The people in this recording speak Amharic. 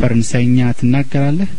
ፈረንሳይኛ ትናገራለህ